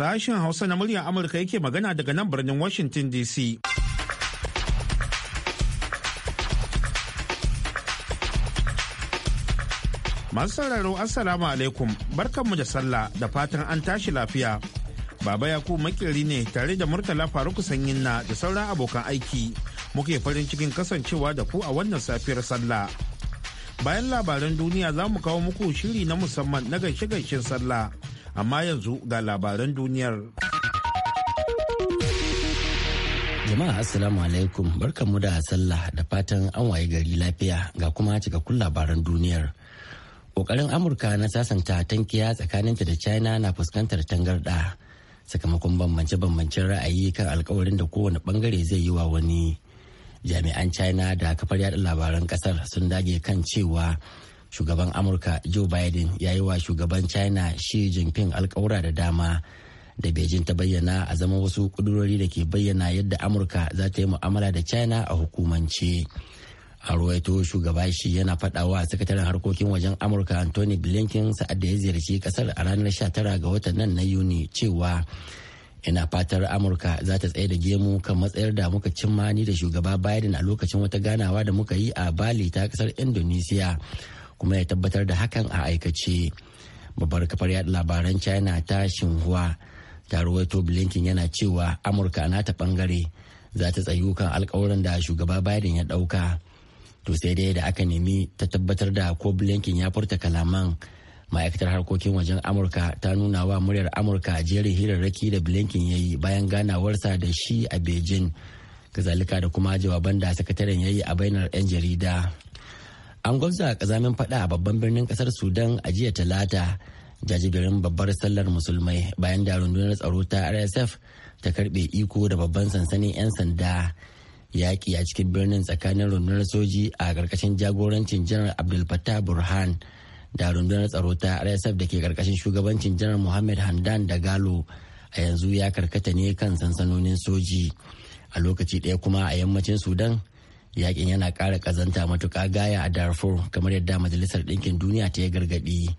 Sashen Hausa na muryar Amurka yake magana daga nan birnin Washington DC. Masu sauraro Assalamu alaikum barkanmu da sallah da fatan an tashi lafiya. Baba Yakubu makiri ne tare da Murtala Faruku Sanyin na da sauran abokan aiki muke farin cikin kasancewa da ku a wannan safiyar sallah. Bayan labaran duniya za mu kawo muku shiri na musamman na gaishe-gaishen sallah. amma yanzu ga labaran duniyar jama'a assalamu alaikum barkanmu da sallah da fatan an waye gari lafiya ga kuma cikakkun labaran duniyar ƙoƙarin amurka na sasanta tankiya tsakaninta da china na fuskantar tangarda sakamakon bambance-bambancen ra'ayi kan alkawarin da kowane bangare zai yi wa wani jami'an china da kafar yada labaran kasar sun dage kan cewa shugaban amurka joe biden ya yi wa shugaban china shi jinping alkawura da dama da beijing ta bayyana a zama wasu kudurori da ke bayyana yadda amurka za ta yi mu'amala da china a hukumance a ruwaito shugaba shi yana fadawa a sakataren harkokin wajen amurka anthony blinken sa'ad da ya ziyarci kasar a ranar 19 ga watan nan na yuni cewa ina fatar amurka za ta tsaye da gemu kan matsayar da muka cimma ni da shugaba biden a lokacin wata ganawa da muka yi a bali ta kasar indonesia kuma ya tabbatar da hakan a aikace babbar kafar yada labaran china ta shinhua ta ruwaito blinken yana cewa amurka na ta bangare za ta tsayu kan alkawarin da shugaba biden ya dauka to sai dai da aka nemi ta tabbatar da ko blinken ya furta kalaman ma'aikatar harkokin wajen amurka ta nuna wa muryar amurka jerin hirarraki da blinken ya yi bayan ganawarsa da shi a beijing kazalika da kuma jawaban da sakataren ya yi a bainar 'yan jarida an gwamza kazamin fada a babban birnin kasar sudan a jiya talata jajibirin babbar sallar musulmai bayan da rundunar tsaro ta rsf ta karbe iko da babban sansanin 'yan sanda yaƙi a cikin birnin tsakanin rundunar soji a karkashin jagorancin janar abdul fattah burhan da rundunar tsaro ta rsf da ke karkashin shugabancin janar muhammad hamdan da galo a yanzu ya karkata ne kan sansanonin soji a lokaci ɗaya kuma a yammacin sudan yakin yana ƙara ƙazanta matuƙa gaya a darfur kamar yadda majalisar ɗinkin duniya ta yi gargaɗi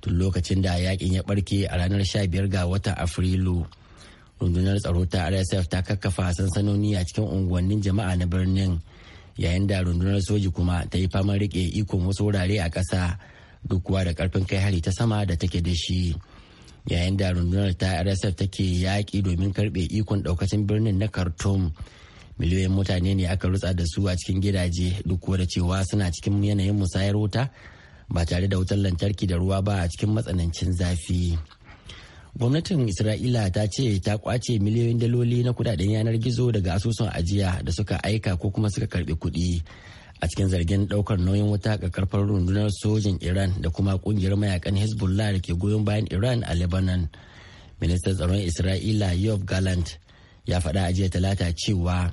tun lokacin da yakin ya ɓarke a ranar 15 ga watan afrilu rundunar tsaro ta rsf ta kakkafa sansanoni a cikin unguwannin jama'a na birnin yayin da rundunar soji kuma ta yi faman riƙe ikon wasu wurare a ƙasa duk kuwa da ƙarfin kai hari ta sama da take da shi yayin da rundunar ta rsf take yaƙi domin karɓe ikon ɗaukacin birnin na khartoum miliyoyin mutane ne aka rutsa da su a cikin gidaje duk da cewa suna cikin yanayin musayar wuta ba tare da wutar lantarki da ruwa ba a cikin matsanancin zafi gwamnatin isra'ila ta ce ta kwace miliyoyin daloli na kudaden yanar gizo daga asusun ajiya da suka aika ko kuma suka karbi kuɗi a cikin zargin daukar nauyin wuta ga karfar rundunar sojin iran da kuma kungiyar mayakan hezbollah da ke goyon bayan iran a lebanon ministan tsaron isra'ila yov galant ya faɗa a jiya talata cewa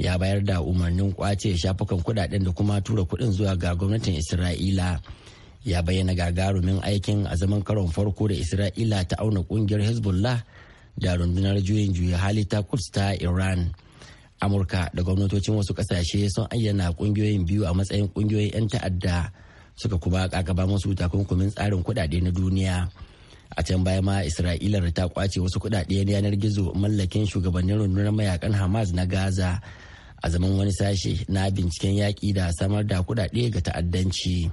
ya bayar da umarnin kwace shafukan kudaden da kuma tura kudin zuwa ga gwamnatin isra'ila ya bayyana gagarumin aikin a zaman karon farko da isra'ila ta auna kungiyar hezbollah da rundunar juyin juya hali ta kuds ta iran amurka da gwamnatocin wasu kasashe sun ayyana kungiyoyin biyu a matsayin kungiyoyin 'yan ta'adda suka kuma kakaba musu takunkumin tsarin kudade na duniya. a can baya ma isra'ila ta kwace wasu kudade na yanar gizo mallakin shugabannin rundunar mayakan hamas na gaza a zaman wani sashe na binciken yaƙi da samar da kudade ga ta'addanci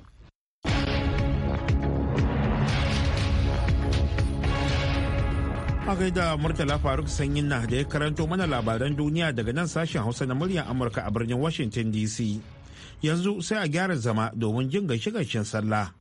a da murtala faruk sanyin na da ya karanto mana labaran duniya daga nan sashen hausa na muryar amurka a birnin washington dc yanzu sai a gyara zama domin jin gaishe-gaishen sallah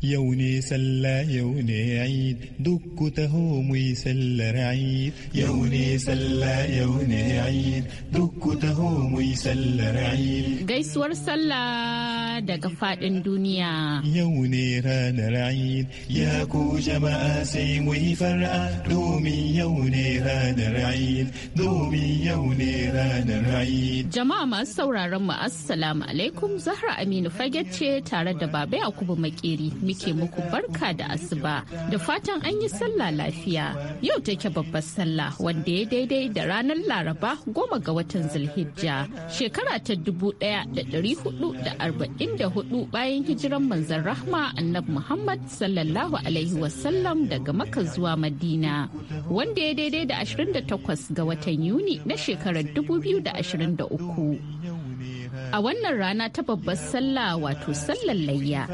yau ne sallah yau ne eid duk ku taho mu yi sallar eid yau ne sallah yau ne eid duk ku taho mu yi sallar eid gaisuwar sallah daga fadin duniya yau ne ranar eid ya ku jama'a sai mu yi far'a domin yau ne ranar eid domin yau ne ranar eid jama'a masu sauraron mu assalamu alaikum zahra aminu fage ce tare da babai yakubu makeri muke muku barka da asuba da fatan an yi sallah lafiya yau take babbar sallah wanda ya daidai da ranar laraba goma ga watan zulhijja shekara ta dubu da da arba'in da hudu bayan hijiran manzon rahma Annab muhammad sallallahu alaihi wasallam daga maka zuwa madina wanda ya daidai da ashirin da takwas ga watan yuni na shekarar dubu biyu da da ashirin uku. A wannan rana ta babbar sallah wato sallar layya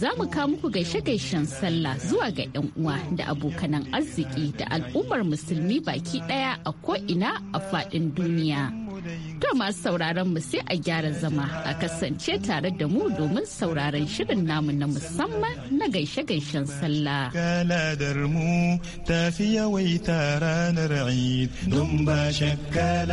za mu kawo muku gaishe-gaishen sallah zuwa ga 'yan uwa da abokanan arziki da al'ummar musulmi baki ɗaya a ko ko'ina a faɗin duniya. To masu sauraron mu sai a gyara zama a kasance tare da mu domin sauraron shirin namu na musamman na gaishe-gaishen sallah. Kaladar mu ta fi yawaita ranar Eid, don ba shakka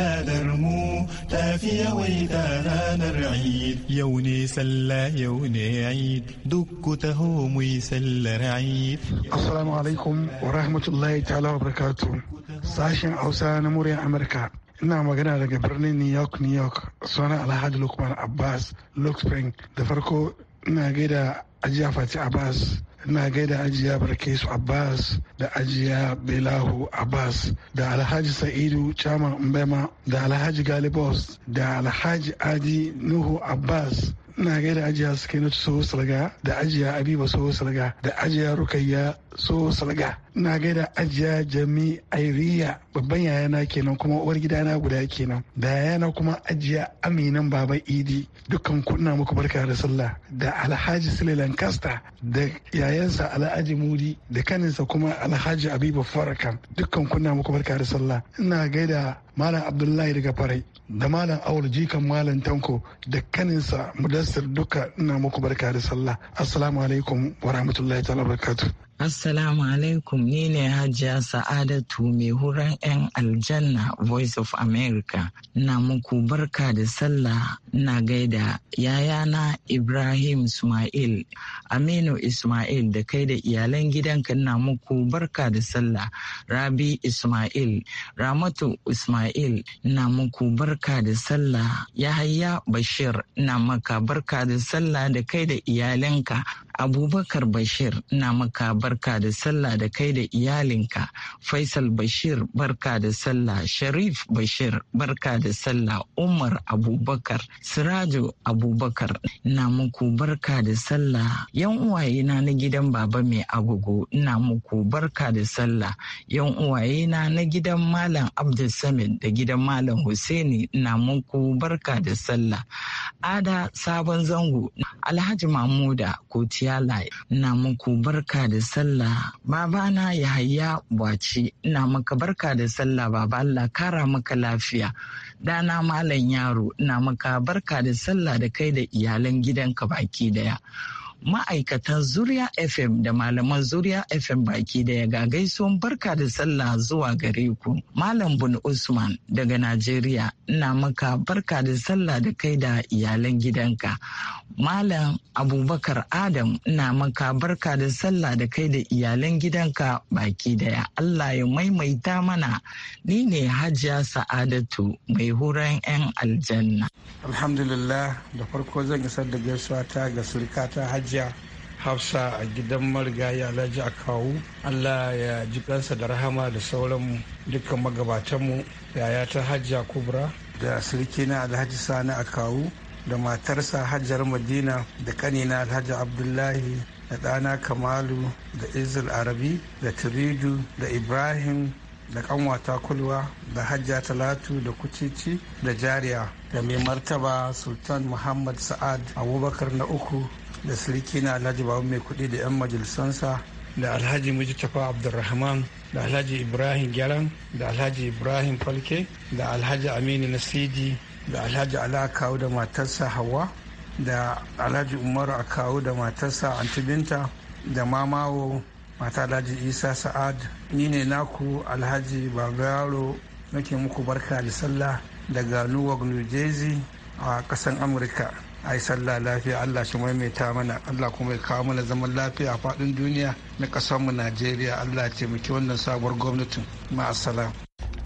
mu ta fi yawaita ranar Eid. Yau ne sallah yau ne Eid, duk ku taho mu yi sallar Eid. Assalamu alaikum wa rahmatullahi ta'ala wa barakatuh. Sashen Hausa na muryar Amurka. ina magana daga birnin new york new york suna alhaji lukman abbas lukspring da farko ina gaida ajiya fati abbas ina gaida ajiya barkesu abbas da ajiya belahu abbas da alhaji sa'idu chairman mbema da alhaji galibos da alhaji adi nuhu abbas ina gaida ajiya na soho salga da ajiya abiba soho salga da ajiya rukayya soho salga ina gaida ajiya jami airiya babban yayana kenan kuma uwar gidana guda kenan da yayana kuma ajiya aminan baba idi dukkan kunna muku barka da sallah da alhaji sule lancaster da yayansa alhaji muri da kaninsa kuma alhaji abiba farakan dukkan kunna muku barka da sallah ina gaida malam abdullahi daga farai da malam awul jikan malam tanko da kaninsa mudassir duka ina muku barka da sallah assalamu alaikum wa rahmatullahi ta'ala barakatuh Assalamu alaikum ni ne Hajiya Sa'adatu mai huran 'yan aljanna Voice of America. Na muku barka da sallah na gaida yayana Ibrahim Ismail, Aminu Ismail da kai da iyalan gidanka na muku barka da sallah Rabi Ismail, Ramatu Ismail na muku barka da sallah Yahaya Bashir na maka barka da sallah da kai da iyalanka abubakar bashir na maka barka da sallah da kai da iyalinka faisal bashir barka da sallah sharif bashir barka da sallah umar abubakar sirajo abubakar na muku barka da sallah yan uwayena na gidan baba mai agogo na muku barka da sallah yan uwayena na gidan malam abdulsamid da gidan malam Hussaini na muku barka da sallah ada sabon zango alhaji mahmuda koti Social Ina muku barka da sallah. Babana haya Bwaci, ina maka barka da sallah baba Allah kara maka lafiya. Dana Malam Yaro, ina maka barka da sallah da kai da iyalan gidanka baki daya. ma'aikatan Zuriya FM da malaman Zuriya FM baki daya ga gaisuwan barka da sallah zuwa gare ku. Malam Bun Usman daga Najeriya ina maka barka da sallah da kai da iyalan gidanka. Malam Abubakar Adam ina maka barka da sallah da kai da iyalan gidanka baki daya. Allah ya maimaita mana ni ne Hajiya Sa'adatu mai huran 'yan aljanna. Alhamdulillah da farko zan isar da gaisuwa ta ga surukata hajji Hajiya Alhaji hafsa a gidan marigayi alhaji a allah ya ji kansa da rahama da sauran dukkan magabatanmu yaya ta hajja kubra da na alhaji sani Akawu da matarsa hajjar madina da kanina alhaji abdullahi da ɗana kamalu da izil arabi da turidu da ibrahim da kanwata kulwa da hajja talatu da kucici da jariya da mai martaba sultan muhammad sa'ad abubakar na uku da siliki na alhaji babu mai kudi da 'yan majalisansa da alhaji mujtafa abdulrahman da alhaji ibrahim gyaran da alhaji ibrahim falke da alhaji aminu nasiji da alhaji ala kawo da matarsa hawa da alhaji umaru kawo da matarsa antibinta da mamawo mata alhaji isa sa'ad ni ne naku alhaji babayaro nake muku barka da sallah daga newark new jersey a kasan amurka ai sallah lafiya allah shi maimaita mana allah kuma ya kawo mana zaman lafiya a faɗin duniya na mu najeriya allah ce taimaki wannan sabuwar gwamnatin ma'asala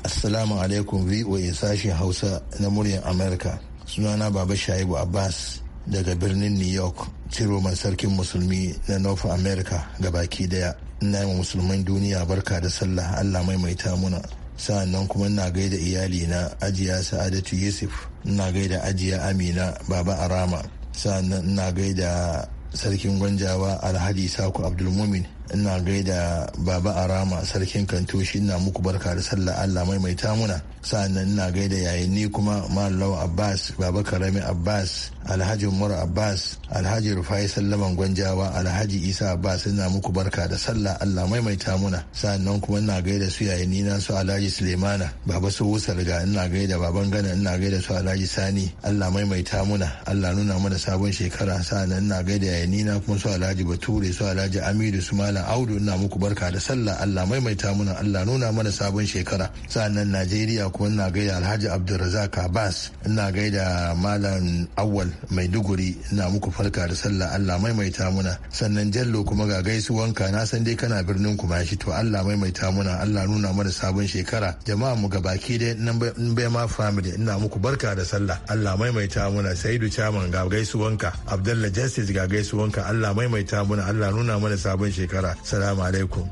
assalamu alaikum voa sashen hausa na muryar america sunana baba shaibu abbas daga birnin new york ciroman sarkin musulmi na north america baki daya ina yi musulman duniya barka da sallah allah maimaita muna sa'annan kuma ina gaida iyali na ajiya sa'adatu yusuf ina gaida ajiya amina baba arama sa'annan ina gaida sarkin gwanjawa alhaji saku abdulmumin ina gaida baba arama sarkin kantoshi ina muku barka da sallah allah maimaita muna sa'annan ina gaida yayin ni kuma malawa abbas baba karami abbas alhaji umar abbas alhaji rufai sallaman gwanjawa alhaji isa abbas ina muku barka da sallah allah maimaita muna sa'an nan kuma ina gaida su yayin na su alhaji sulemana baba su wusa riga ina gaida baban gana ina gaida su alhaji sani allah maimaita muna allah nuna mana sabon shekara sa'an nan ina gaida yayin na kuma su alhaji bature su alhaji amidu su malam audu ina muku barka da sallah allah maimaita muna allah nuna mana sabon shekara sa'an nan najeriya kuma ina gaida alhaji abdulrazak abbas ina gaida malam awwal maiduguri na muku farka da sallah allah maimaita muna sannan jallo kuma ga gaisuwanka na san dai kana birnin kuma shi to allah maimaita muna allah nuna mana sabon shekara jama'a mu ga baki dai nan ma family ina muku barka da sallah allah maimaita muna saidu chaman ga gaisuwanka abdallah justice ga gaisuwanka allah maimaita muna allah nuna mana sabon shekara salamu alaikum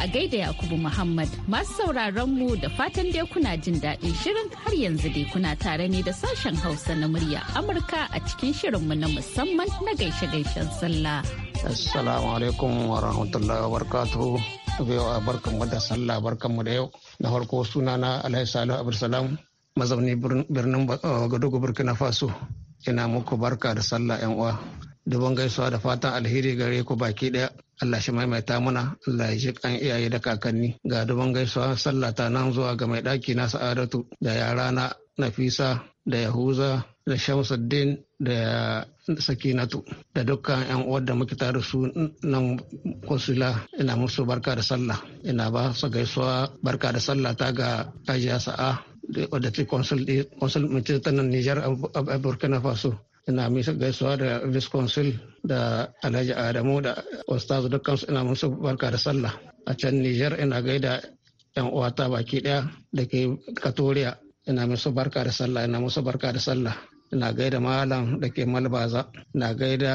a gaida Yakubu Muhammad masu sauraron mu da fatan dai kuna jin daɗin shirin har yanzu dai kuna tare ne da sashen Hausa na murya Amurka a cikin shirinmu na musamman na gaishe-gaishen sallah. Assalamu alaikum wa rahmatullahi wa barakatuhu. Yau barkan mu da sallah barkan mu da yau. Na farko sunana Alhaji Salihu Abdulsalam mazauni birnin eh, Gadogo Burkina Faso. Ina muku barka da sallah yan uwa. Duban gaisuwa da fatan alheri gare ku baki ɗaya. Allah shi maimaita muna Allah ya shi kan iyaye da kakanni ga duban gaisuwa sallah ta nan zuwa ga mai ɗaki na sa'adatu da yara na nafisa da yahuza da shamsuddin da sakinatu da dukkan yan uwar da muke tare su nan konsula ina musu barka da sallah ina ba su gaisuwa barka da sallah ta ga ajiya sa'a wadda ta konsul mutum ta nan nijar a burkina faso ina misa gaisuwa da visconsil da alhaji adamu da dukkan dukkansu ina musu barka da sallah a can niger ina gaida yan uwata baki daya da ke katoriya ina musu barka da sallah ina musu barka da sallah ina gaida malam da ke malbaza ina gaida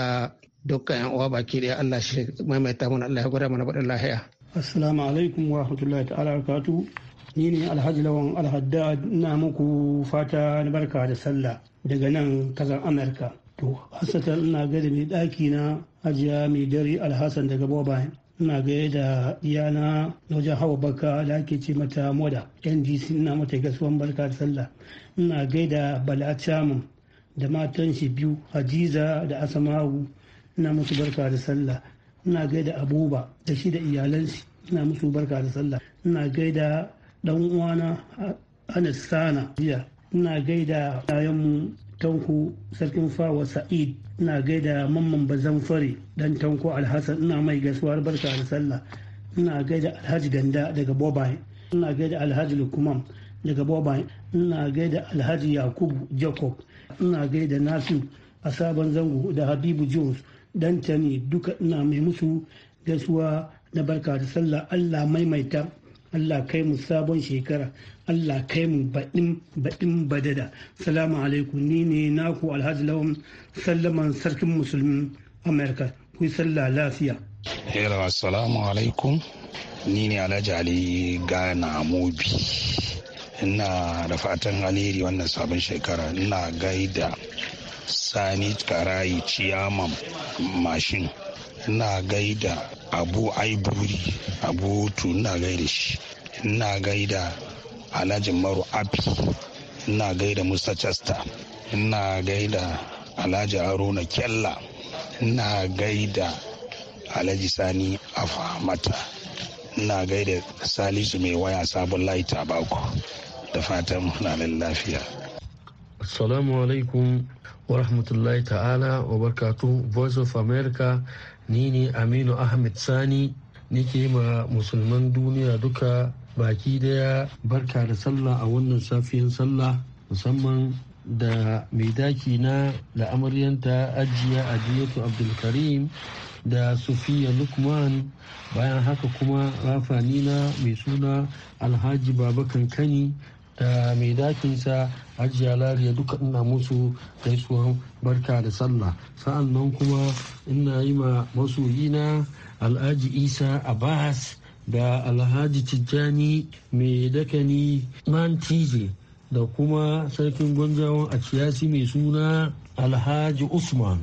dukkan yan uwa baki daya allah shi maimaita mana allah ya gwada mana baɗin lahiya assalamu alaikum wa rahmatullahi ta'ala barakatuhu ni ne alhaji lawan alhaddad ina muku fata barka da sallah daga nan kasar amurka to hasatan ina gaida mai ɗaki na hajiya mai dare alhassan daga bobayin ina gaya da iyana na wajen hawa baka da ake ce mata moda ndc ina mata gasuwan barka da sallah ina gaida bala chamun da matan shi biyu hajiza da asamawu ina musu barka da sallah ina gaida abuba da shi da iyalansu ina musu barka da sallah ina gaida dan uwana anas sana jiya ina gaida yayanmu tanko sarkin fawa sa'id ina gaida mamman bazan fare dan tanko alhassan ina mai gaisuwar barka da sallah ina gaida alhaji ganda daga bobai ina gaida alhaji lukman daga bobai ina gaida alhaji yakubu jacob ina gaida nasu a sabon zango da habibu jones dan tani duka ina mai musu gaisuwa da barka da sallah allah maimaita Allah kai mu sabon shekara Allah kai mu baɗin baɗin badada salamu alaikum ni ne naku alhaji lawan sallaman sarkin musulmin amerika ku sallah lafiya hera salamu alaikum ni ne alhaji ali gana mobi ina da fatan aliri wannan sabon shekara ina gaida sani karayi ciyaman mashin ina gaida abu aiburi abu ina gaida shi ina gaida alhaji maru api ina gaida musa chester ina gaida alhaji haruna kyalla ina gaida alhaji sani afamata ina gaida salisu mai waya sabon laita baku da fatan muna lafiya Salamu alaikum wa rahmatullahi ta'ala wa barkatu Voice of America ni ne Aminu Ahmed Sani nike ma musulman duniya duka baki daya barka da sallah a wannan safiyan sallah musamman da mai daki na da amaryanta ajiya adiyatu abdulkarim da sufiya lukman bayan haka kuma rafani na mai suna alhaji baba kankani da mai dakinsa hajiya lariya duka ina musu gaisuwan barka da sallah sa'an nan kuma ina yi ma masoyina alhaji isa abbas da alhaji tijjani mai dakani mantije da kuma sarkin gwanjawan a ciyasi mai suna alhaji usman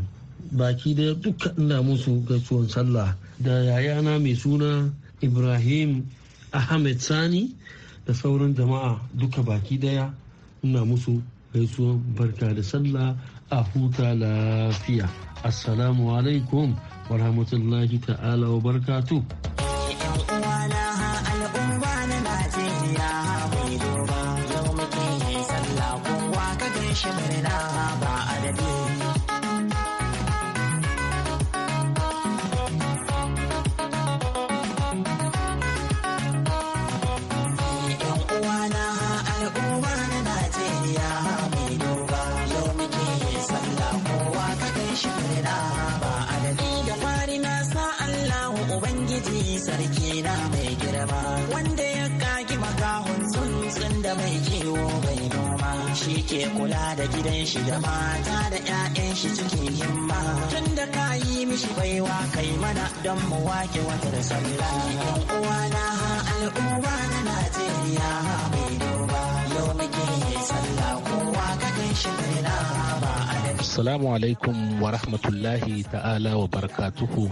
baki da duka ina musu gaisuwan sallah da yayana mai suna ibrahim ahmed sani da sauran jama'a duka baki daya ina musu gaisuwan barka da sallah a huta lafiya assalamu alaikum wa rahmatullahi ta'ala wa barkatu out. da mai kiwo bai noma shi ke kula da gidan shi da mata da 'ya'yan shi cikin himma tun da ka yi mishi baiwa kai mana don mu wake watar sallah yan uwa na al'umma na Najeriya mai noma yau muke sallah kowa ka kai shi ba Assalamu alaikum wa rahmatullahi ta'ala wa barakatuhu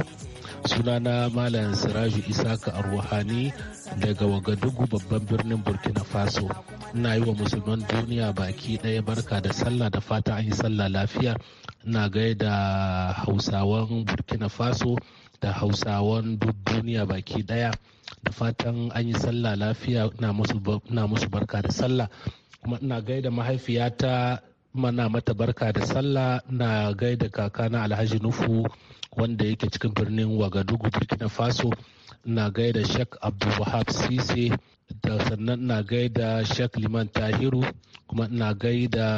sunana malam siraju isaka arwahani daga wagadugu babban birnin burkina faso ina yi wa musulman duniya baki ɗaya barka da sallah da fata an yi sallah lafiya ina gaida hausawan burkina faso da hausawan duk duniya baki ɗaya da fatan an yi sallah lafiya na musu barka da sallah kuma ina gaida mahaifiyata mana mata barka da sallah na gaida kakana alhaji nufu wanda yake cikin birnin wagadugu burkina faso na gaida shek abdulwahab sise da sannan na gaida shek liman tahiru kuma na gaida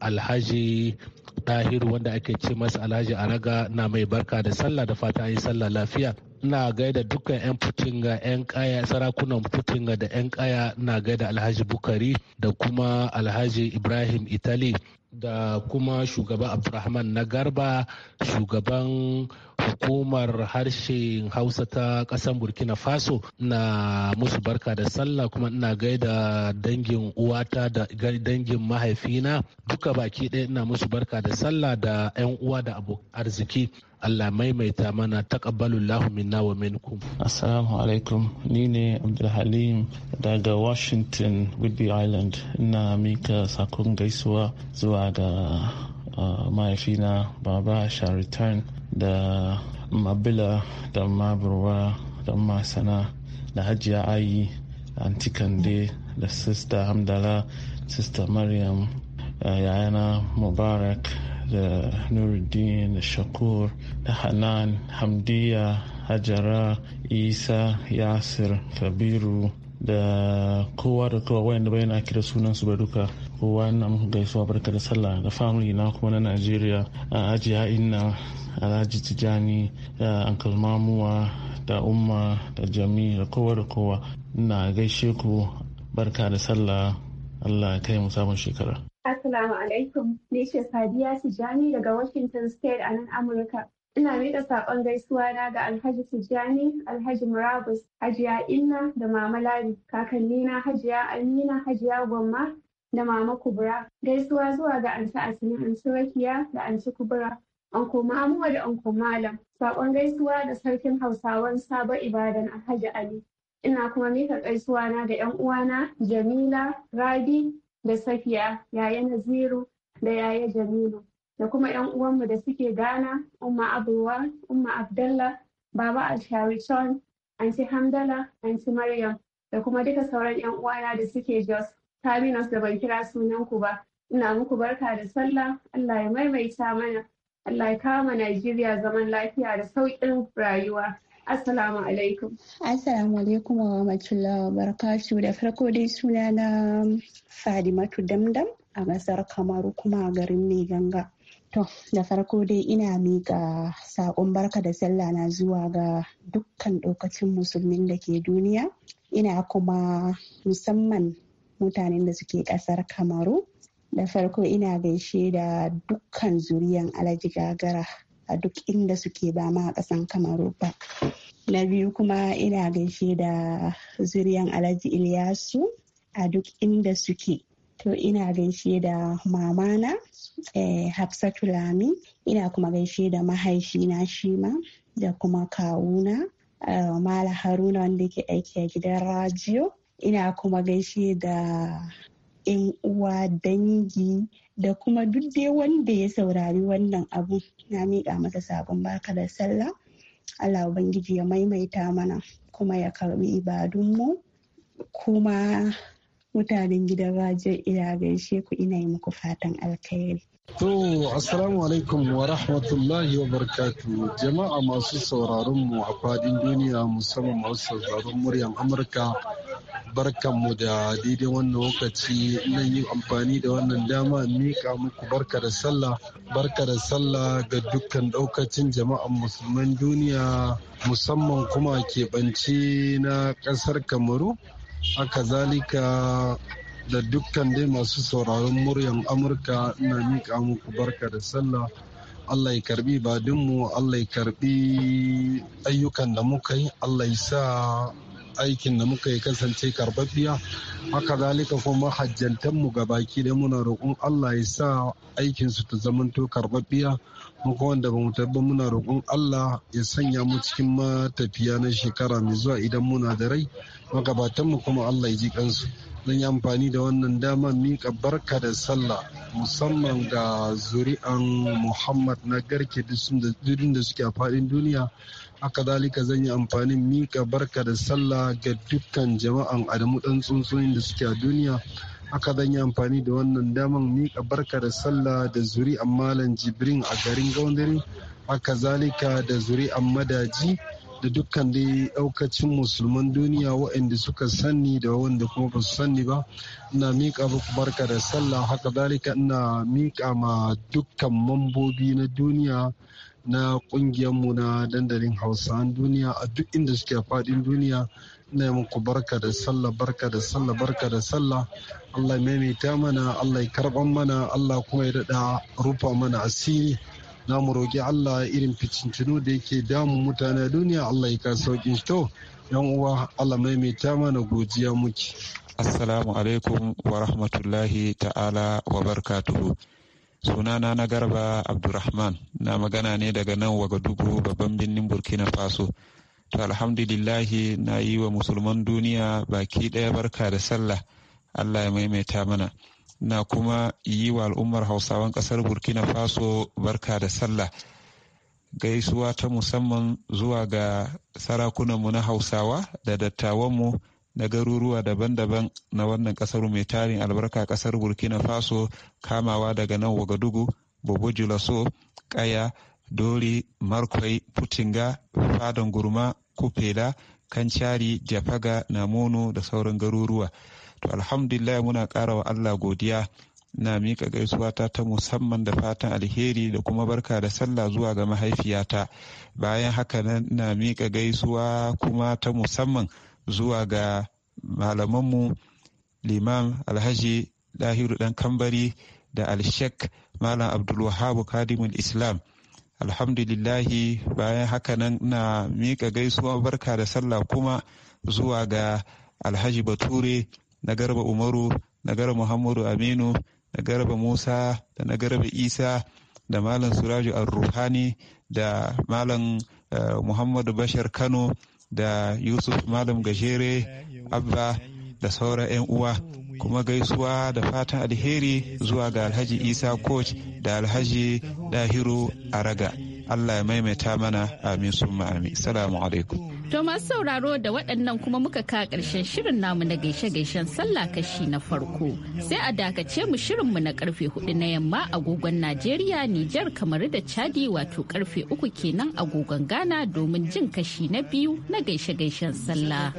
alhaji tahiru wanda ake ce masa alhaji araga na mai barka da sallah da fata yi sallah lafiya na gaida dukkan 'yan putinga 'yan kaya sarakunan putinga da 'yan kaya na gaida alhaji bukari da kuma alhaji ibrahim itali da kuma shugaba abdulrahman na garba shugaban hukumar harshen hausa ta kasan burkina faso na musu barka da sallah kuma ina gaida dangin uwata da dangin mahaifina duka baki ɗaya ina musu barka da sallah da 'yan uwa da abu arziki Allah maimaita mana taqabbalullahu minna wa minkum. Assalamu alaikum ni ne Abdulhalim daga Washington Whidbey Island ina mika sakon gaisuwa zuwa ga ah, mahaifina baba Sharitan da mabila da maburwa da masana da hajiya ayi antikande da sista hamdala sista maryam yayana mubarak da nuruddin da shakur da hanan hamdiya hajara isa yasir kabiru da kowa da kowa wayanda bai na kira sunan su ba duka kowa na muku gaisuwa barka da sallah da family na kuma na Najeriya a ajiya inna Alhaji Tijani da Uncle Mamuwa da Umma da Jami da kowa da kowa na gaishe ku barka da sallah Allah ya kai mu sabon shekara. Assalamu alaikum, ni ce Sadiya Tijani daga Washington State a nan Amurka. Ina miƙa saƙon gaisuwa na ga Alhaji Tijjani, Alhaji Murabus, Hajiya Inna da Mama Lari, kakannina Hajiya Amina, Hajiya Gwamma, da mama kubura gaisuwa zuwa ga anti asini anti rakiya da anti kubura anko Amuwa da anko malam sakon gaisuwa da sarkin hausawan sabon ibadan alhaji ali ina kuma mika gaisuwa na da yan uwana jamila rabi da safiya yaya naziru da yaya jamilu da kuma yan uwanmu da suke gana umma abuwa umma abdallah baba alsharichon anti hamdala anti maryam da kuma duka sauran yan uwana da suke jos Karinas da ban kira sunan ku ba. Ina muku barka da sallah. Allah ya maimaita mana. Allah ya kama Najeriya zaman lafiya da sauƙin rayuwa. Assalamu alaikum. Assalamu alaikum wa rahmatullahi wa barakatu da farko dai suna na Fadimatu Damdam a ƙasar Kamaru kuma a garin ganga. To, da farko dai ina miƙa saƙon barka da sallah na zuwa ga dukkan ɗaukacin musulmin da ke duniya. Ina kuma musamman mutanen da suke kasar kamaru da farko ina gaishe da dukkan zuriyan alhaji gagara a duk inda suke ba ma kasan kamaru ba na biyu kuma ina gaishe da zuriyan alhaji Ilyasu, a duk inda suke to ina gaishe da mamana eh, hafsatu lami ina kuma gaishe da mahaifina shima da kuma kawuna uh, eh, mala haruna wanda ke aiki a gidan rajiyo ina kuma gaishe da in uwa dangi da kuma duk dai wanda ya saurari wannan abu na miƙa masa sabon baka da sallah Allah Ubangiji ya maimaita mana kuma ya karbi ibadunmu kuma mutanen gidan rajin ina gaishe ku ina yi muku fatan alkhairi. To, Assalamu alaikum wa rahmatullahi wa barkatu Jama'a masu sauraron mu a fadin duniya musamman masu sauraron muryan Amurka mu da daidai wannan lokaci nan yi amfani da wannan dama mika muku barka da sallah barka da sallah ga dukkan daukacin jama'an musulman duniya musamman kuma keɓance na ƙasar kamaru haka zalika da dukkan dai masu sauraron muryan amurka na mika muku barka da sallah Allah ya karbi badinmu Allah ya karbi ayyukan da muka yi Allah ya sa aikin da muka yi kasance karbabbiya haka zalika kuma hajjantan mu baki da muna roƙon Allah ya sa aikin su ta zamanto karbabbiya muka wanda ba mu tabba muna roƙon Allah ya sanya mu cikin matafiya na shekara mai zuwa idan muna da rai magabatan mu kuma Allah ya ji kansu zan yi amfani da wannan dama miƙa barka da sallah musamman ga zuri'an muhammad na garke da suke a faɗin duniya haka zalika zan yi amfani mika barka da sallah ga dukkan jama'an adamu dan tsuntsunin da suke a duniya haka zan yi amfani da wannan daman mika barka da sallah da zuri malam jibrin a garin gaundare haka zalika da zuri madaji da dukkan dai daukacin musulman duniya waɗanda suka sani da wanda kuma ba su sani ba ina miƙa barka da sallah haka zalika ina miƙa ma dukkan mambobi na duniya na mu na dandalin hausa duniya a duk inda suke faɗin duniya ina muku barka da sallah barka da sallah barka da sallah allah maimaita mana allah karban mana allah kuma ya daɗa rufa mana asiri na mu roƙi allah irin ficincinu da yake damun mutane duniya allah ya kasa sauƙin to yan uwa allah maimaita mana godiya muki. assalamu alaikum wa rahmatullahi ta'ala wa barkatuhu sunana na garba abdurrahman na magana ne daga nan dubu babban birnin burkina faso to alhamdulillahi na yi wa musulman duniya baki ɗaya barka da sallah allah ya maimaita mana na kuma yi wa al'ummar hausawan ƙasar burkina faso barka da sallah gaisuwa ta musamman zuwa ga sarakunanmu na hausawa da dattawanmu na garuruwa daban-daban na wannan kasar mai tarin albarka kasar burkina faso kamawa daga nan wagadugu bobo julaso kaya dori markwai putinga fadon gurma kufela cari, jafaga namono da sauran garuruwa to alhamdulillah muna kara wa allah godiya na mika gaisuwata ta musamman da fatan alheri da kuma barka da sallah zuwa ga mahaifiyata bayan haka na miƙa gaisuwa kuma ta musamman zuwa ga malamanmu limam alhaji dahiru dan kambari da alshek malam abdulwahabu kadimul islam alhamdulillahi bayan haka nan na miƙa gaisuwa barka da sallah kuma zuwa ga alhaji bature na garba umaru na garba muhammadu aminu na garba musa da na garba isa da malam suraju al-ruhani da malam eh, muhammadu bashar kano da yusuf malam gajere abba da sauran 'yan uwa kuma gaisuwa da fatan alheri zuwa ga alhaji isa coach da alhaji dahiru araga allah ya maimaita mana amin summa amin salamu alaikum To masu sauraro da waɗannan kuma muka ka ƙarshen shirin namu na gaishe-gaishen sallah kashi na farko. Sai a dakace mu shirin mu na karfe hudu na yamma agogon Najeriya, Nijar, kamar da Chadi wato karfe uku kenan agogon Ghana domin jin kashi na biyu na gaishe-gaishen sallah.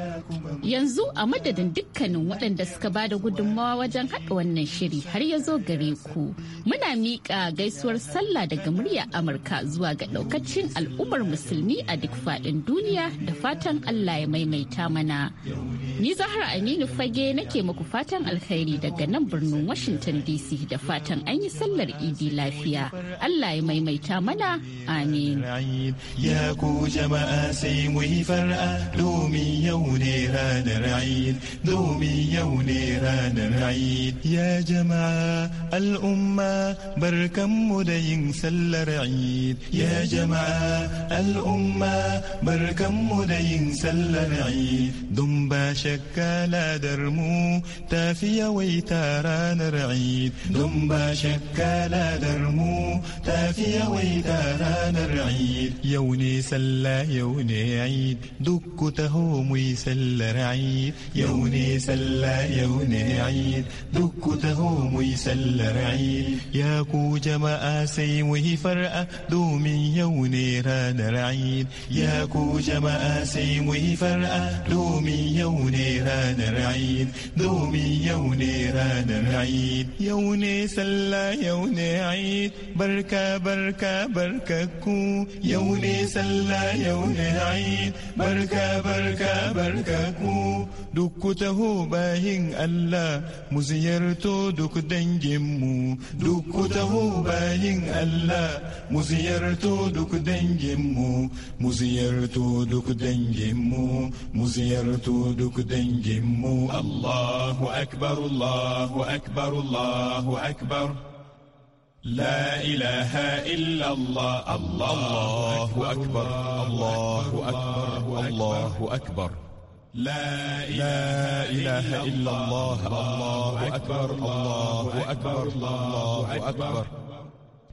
Yanzu a madadin dukkanin waɗanda suka ba da gudunmawa wajen haɗa wannan shiri har ya zo gare ku. Muna miƙa gaisuwar sallah daga murya Amurka zuwa ga ɗaukacin al'ummar musulmi a duk faɗin duniya da fatan Allah ya maimaita mana. Ni Zahra Aminu Fage nake muku fatan alkhairi daga nan birnin Washington DC da fatan an yi sallar Idi lafiya. Allah ya maimaita mana. Amin. Ya ku jama'a sai mu yi far'a domin yau ne ranar ra'id domin yau ne ranar ra'id. Ya jama'a al'umma barkanmu da yin sallar ra'id. Ya jama'a al'umma barkanmu دين سل دنبا شكا لا درمو تافيا ويتارا نرعيد دنبا شكا لا درمو تافيا ويتارا نرعيد يوني سلا يوني عيد دك تهو مي سل رعيد يوني سلا يوني عيد دك تهو مي سل رعيد يا كو جما سيمه فرأ دومي يوني ران رعيد يا كو جما sai mu yi far'a domin yau ne ranar Eid domin yau ne ranar Eid yau ne sallah yau ne barka barka barka ku yau ne sallah yau ne barka barka barka ku duk ku taho bayin Allah mu ziyarto duk mu duk ku taho bayin Allah mu ziyarto duk danginmu mu ziyarto duk دنجمو مزيرتو دك دنجمو الله أكبر الله أكبر الله أكبر لا إله إلا الله الله, الله أكبر الله أكبر الله أكبر لا إله إلا الله الله أكبر, الله أكبر, الله أكبر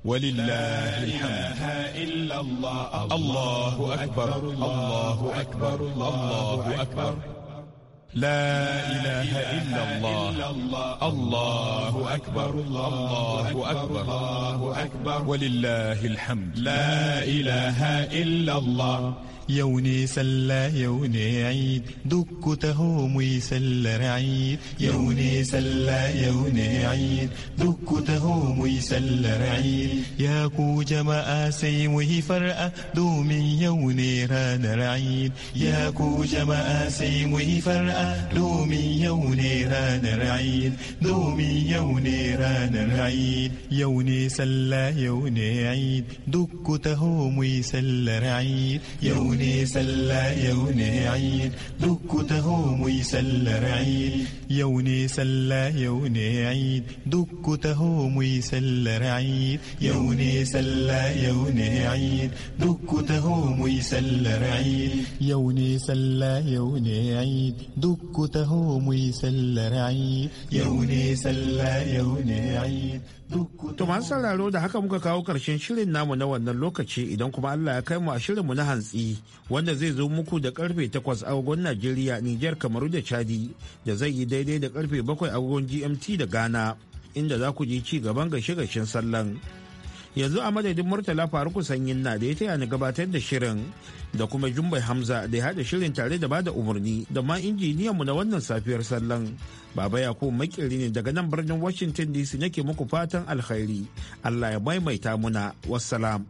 ولله الحمد لا اله إلا الله الله أكبر الله أكبر الله أكبر لا إله إلا الله الله أكبر الله أكبر الله أكبر ولله الحمد لا إله إلا الله يوني سلا يوني عيد دك تهوم يسل رعيد يوني سلا يوني عيد دك تهوم يسل رعيد يا كو جما سيمه فرأة دوم يوني ران رعيد يا كو جما سيمه فرأة دوم يوني ران رعيد دوم يوني ران رعيد يوني سلا يوني عيد دك تهوم يسل رعيد يوني ني سلا يوني عيد دوكو تهو مي سلا رعيد يوني سلا يوني عيد دوكو تهو مي سلا رعيد يوني سلا يوني عيد دوكو تهو مي سلا رعيد يوني سلا يوني عيد دوكو تهو مي سلا رعيد يوني سلا يوني عيد To masu sauraro da haka muka kawo karshen shirin namu na wannan lokaci idan kuma Allah ya kai mu a mu na hantsi wanda zai zo muku da karfe 8 agogon Najeriya, Nijar, Kamaru da Chadi da zai yi daidai da karfe 7 agogon GMT da Ghana inda za ku ji ci gaban gashe-gashen sallan. yanzu a madadin murtala faruku sanyin na da ya taya ni gabatar da shirin da kuma jumbai hamza da ya haɗa shirin tare da bada umarni da ma injiniyanmu na wannan safiyar sallan baba yakubu makiri ne daga nan birnin washington dc nake muku fatan alkhairi allah ya maimaita muna wassalam